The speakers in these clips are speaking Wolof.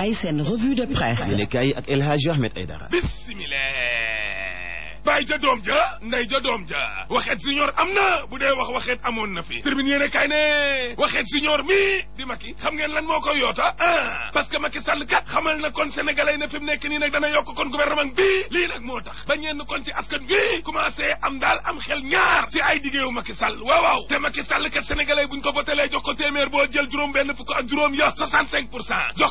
ay seen revue de ak El Hadji Ahmed Aidara. bàyyi ja doom ja nday ja doom ja waxeet siñoor am na bu dee wax waxeet amoon na fi termine yéene kay ne waxeet siñoor mi di Macky xam ngeen lan moo koy yoota ah parce que Macky Sall kat xamal na kon sénégalais na fi mu nekk nii nag dana yokk kon gouvernement bi lii nag moo tax ba ñenn kon ci askan wi commencé am daal am xel ñaar ci ay diggéewu Macky Sall waaw waaw te Macky Sall kat sénégalais buñ ko votelee jox ko téeméer boo jël juróom benn fukk juróom ya 65 pour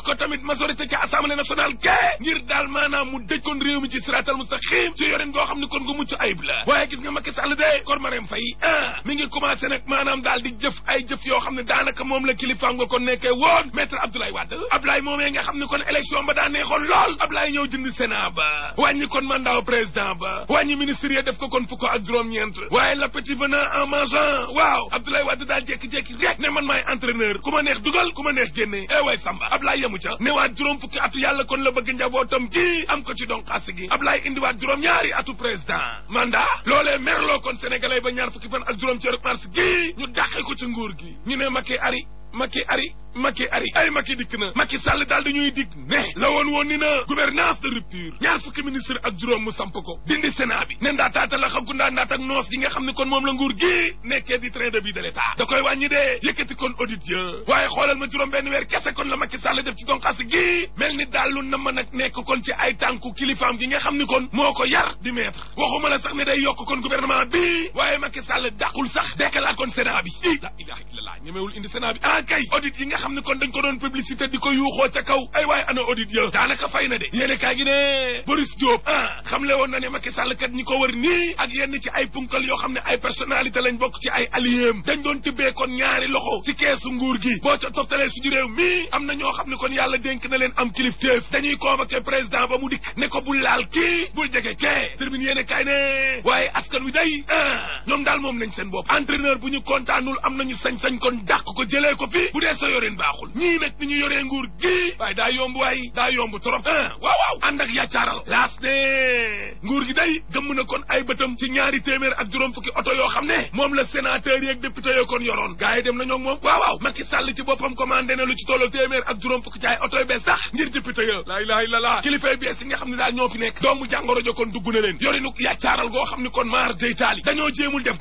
ko tamit majorité ci assemblée nationale ke ngir daal maanaam kon réew mi xam ne kon gu mucc ayib la waaye gis nga Macky Sall kor Marème Faye ah mi ngi commencé nag maanaam daal di jëf ay jëf yoo xam ne daanaka moom la kilifaam nga kon nekkee woon maître Abdoulaye Wade Abdoulaye moomee nga xam ne kon élection ba daa neexoon lool Abdoulaye ñëw jënd Sénat ba wàññi kon mandat président ba wàññi ministre def ko kon fukk ak juróom-ñeent waaye la petit venant en mangeant waaw Abdoulaye Wade daal jékki-jékki rek ne man maay entraîneur ku ma neex dugal ku ma neex génne eh waay la bëgg njabootam gi am ko ci donqaasi gi Abdoulaye indiwaat juróom ñaari atu président mandat loolee loo kon sénégalais ba ñaar fukki fan ak juróom ci weeru mars gii ñu dàqe ko ci nguur gi ñu ne Macky ari Macky ari Macky ari ay Macky dikk na Macky Sall daal di ñuy dikk ne la woon woon ni na gouvernance de rupture ñaar fukki ministre ak juróom mu samp ko dindi Sénat bi ne ndaataata la xagu ndaa ndaat ak noos gi nga xam ne kon moom la nguur gi nekkee di train de vie de l'État da koy wàññi dee yëkkati kon audit ya waaye xoolal ma juróom benn weer kese kon la Macky Sall def ci donxaas gi mel ni daal na mën a nekk kon ci ay tànku kilifaam gi nga xam ni kon moo ko yar di maître xam kon dañ doon publicité di ko yuuxoo ca kaw na de yéene kaay ah, ko wër nii ak yenn ay punkal yoo xam ne ay personnalité lañ bokk ci ay alliéem dañ tibbee kon ñaari loxo ci keesu nguur gi boo ca toftalee suñu mii am na ñoo xam ne kon yàlla dénk na leen am kilifteef dañuy convoqué président ba mu dikk ne ko bul laal kii bul jege kee termine yéene kaay ne waaye askan wi day ah ñoom daal moom nañ seen bopp entraîneur bu ñu kontaanul am nañu sañ-sañ kon dàq ko jëlee ko fi bu dee sa yorin baaxul ñii nag ni ñu yoree nguur gi waaye daa yomb waay daa yomb trop ah waaw waaw ànd ak yàccaaral laas ne nguur gi day gëmm na kon ay bëtam ci ñaari téeméer ak juróom fukki oto yoo xam ne moom la sénateur yeeg député yoo kon yoroon gars yi dem na ñoog moom waaw waaw Macky Sall ci boppam commandé na lu ci tollu téeméer ak juróom fukki jaay oto yu bees sax ngir député ya laa ilaha kilifay bees yi nga xam ne daal ñoo fi nekk doomu jàngoro jo kon dugg na leen yorinu yàccaaral xam ne kon maar day taali dañoo jéemul yi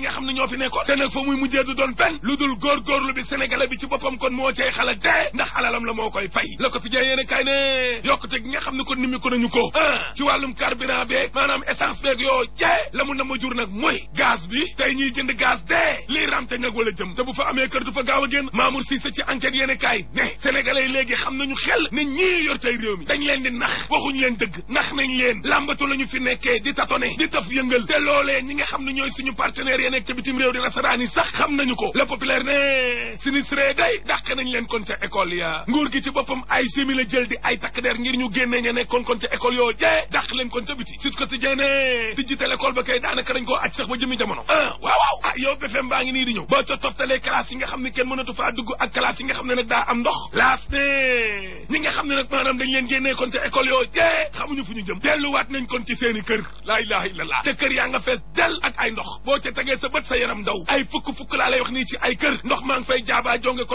nga xam ne ñoo fi nekkoon te nag fa muy mujjee du doon fen bi ci bopp comme kon moo cay xala de ndax alalam la moo koy fay la ko fi jee yéene kay te yokkute gi nga xam ne kon ni mi ko nañu ko ah, ci wàllum carburant beeg maanaam essence beeg yoo jee la mu na ma jur nag mooy gaz bi tey ñuy jënd gaz de lii ramte nag wala jëm te bu fa amee kër du fa gaaw a génn Mamour Cissé ci enquête yéene kay ne sénégalais léegi xam nañu xel ne ñii yor tey réew mi dañ leen di nax waxuñu leen dëgg nax nañ leen làmbatu la ñu fi nekkee di tatone di taf yëngal loolee ñi nga xam ne ñooy suñu partenaires yee nekk ca bitim réew di nasaraan yi nañu ko le populaire ne sinistré waay dàq nañ leen kon ca école ya nguur gi ci boppam ay simi jël di ay takk ngir ñu génnee ña ne kon ca école yoo jee dàq leen kon ca biti sut ko ti jeene digital école ba kay daanaka dañ koo aj sax ba jëmi jamono ah waaw waaw ah yow BFM baa ngi nii di ñëw boo ca toftalee classe nga xam ne ken mënatu faa dugg ak classe yi nga xam ne nag daa am ndox laas ne ñi nga xam ne nag maanaam dañ leen génne kon ca école yoo jee xamuñu fu ñu jëm delluwaat nañ kon ci seeni kër laa ilaha illallah te kër yaa nga ay ndox boo ca tegee sa bët sa yaram daw ay fukk fukk laa lay wax nii ci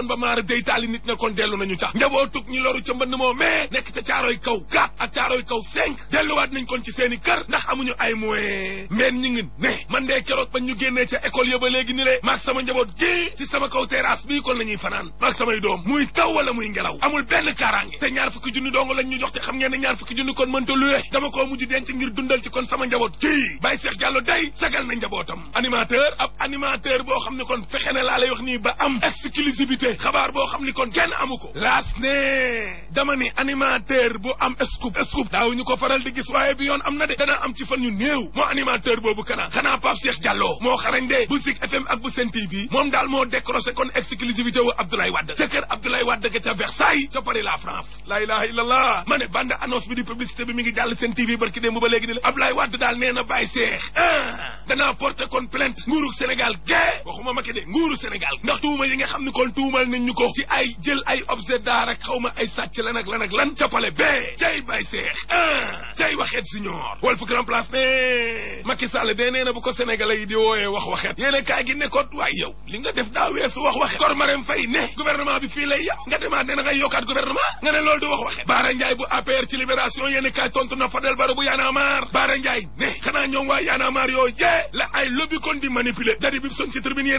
ba maara day taali nit ne kon dellu nañu cax njabootug ñi loru ca mbënd moo nekk ca caaroy kaw 4 ak caaroy kaw 5 delluwaat nañ kon ci seeni kër ndax amuñu ay moyen mbeen ñi ngi ne man dee keroog ba ñu génnee ca école yëba léegi ni le maag sama njaboot gi ci sama kaw terrasse bii kon la ñuy fanaan maag samay doom muy taw wala muy ngelaw amul benn kaaraange te ñaar fukki junni dong lañ ñu jox te xam ngeen ne ñaar fukki junni kon mënta luwe dama koo mujj ngir dundal ci kon sama njaboot gi Baye Cheikh Diallo day sagal njabootam animateur ab animateur boo xam ne kon fexe na laa lay wax nii ba am exclusivité xabaar boo xam ni kon kenn amu ko laas ne dama ni animateur bu am scoop scoop daaw ñu ko faral di gis waaye bi yoon am na de dana am ci fan yu néew moo animateur boobu kanaa xanaa Pape Cheikh Diallo moo xarañ de bu Zik FM ak bu Sen TV moom daal moo décroché kon exclusivité wu Abdoulaye Wade ca kër Abdoulaye Wade ca Versailles ca Paris la France la ilaha illallah ma ne bande annonce bi di publicité bi mi ngi jàll Sen TV barki ba léegi ni la Abdoulaye Wade na bàyyi seex ah danaa porté kon plainte nguuru Sénégal ga waxuma ma ke de nguuru Sénégal ndax ni kon tuumal defal ñu ko ci ay jël ay objet d'art ak xaw ma ay sàcc lan ak lan ak lan jàppale bee jay bay seex ah jay waxeet si ñoor Walf Grand Place ne Macky Sall dee nee bu ko sénégalais yi di wooyee wax waxeet yéene kaay gi ne ko waay yow li nga def daa weesu wax waxeet kor Marème Faye ne gouvernement bi fii lay yàq nga demaat ne na ngay yokkaat gouvernement nga ne loolu du wax waxeet Baara Ndiaye bu APR ci libération yéene tontu na Fadel Barro bu Y'en a marre ne xanaa a la ay lobby kon di manipuler dari bi son ci tribune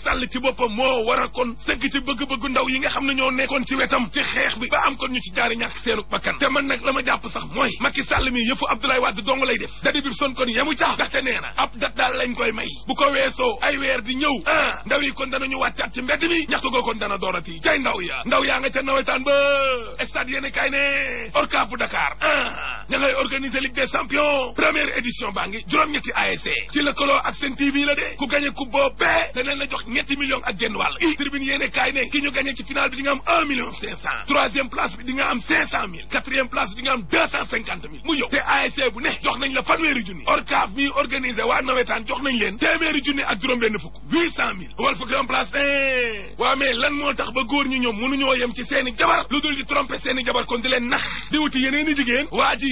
Sall ci boppam moo war kon sëgg ci bëgg bëgg ndaw yi nga xam ne ñoo nekkoon ci wetam ci xeex bi ba am kon ñu ci jaari ñàkk seenu bakkan te man nag la ma jàpp sax mooy Macky Sall mi yëfu Abdoulaye Wade dong lay def dadi bi son kon yemu ca ndaxte nee na ab dat daal lañ koy may bu ko weesoo ay weer di ñëw ah ndaw yi kon danañu wàccaat ci mbedd mi ñaxtu goo kon dana doorati cay ndaw ya ndaw yaa nga ca nawetaan ba stade yéene kaay ne orkapu Dakar ah ña ngay baa ngi juróom-ñetti ASC ci lëkkaloo ak seen TV la de ku gagné coupe boobee danañ yéene kaay ne ki ñu gagné ci final bi di am un million cinq cent troisième place bi di am cinq cent mille quatrième place bi di am deux cent cinquante mille mu yow te ASC bu ne jox nañ la fanweeri junni ORCAV mi organisé waa nawetaan jox nañ leen téeméeri junni ak juróom-benn fukk huit cent mille wal fukki am place ne waa mais lan moo tax ba góor ñi ñoom mënuñoo yem ci seeni jabar lu dul di trompé seeni jabar kon di leen nax di wuti yeneen jigéen waa ji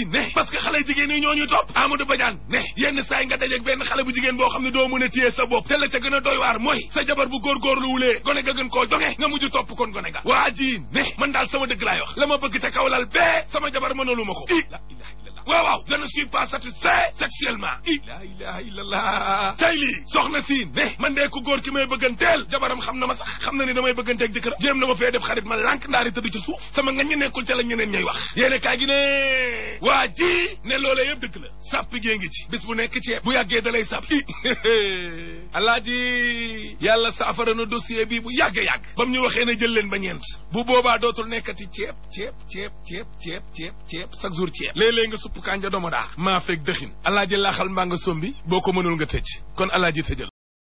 gën koo joge nga mujj topp kon gone ga waa ji ne man daal sama dëgg laay bëgg ca kaw sama jabar ma ko i la ilaha illallah waaw waaw je ne suis pas satisfait sexuellement i la ilaha illallah tey lii soxna si ne man dee ku góor ki may bëgganteel jabaram xam na ma xam na ni damay bëgganteeg jëkkër jéem na ma fee def xarit ma lànk ndaari tëdd ci suuf sama nga ñu nekkul ca la ñeneen ñay wax yéene kaa gi waa ji ne loolee yëpp dëgg la sàpp gée ngi ci bis bu nekk ceeb bu yàggee dalay sàpp i alaaji yàlla saafara na dossier bi bu yàgg-yàgg ba mu ñu waxee ne jël leen ba ñeent bu boobaa dootul nekkati ceeb ceeb ceeb ceeb ceeb ceeb ceeb chaque jour ceeb léeg-léeg nga supp kànja doomu daa maa fekk dëxin alaaji laaxal mbaa nga sombi boo ko mënul nga tëj kon alaaji tëjal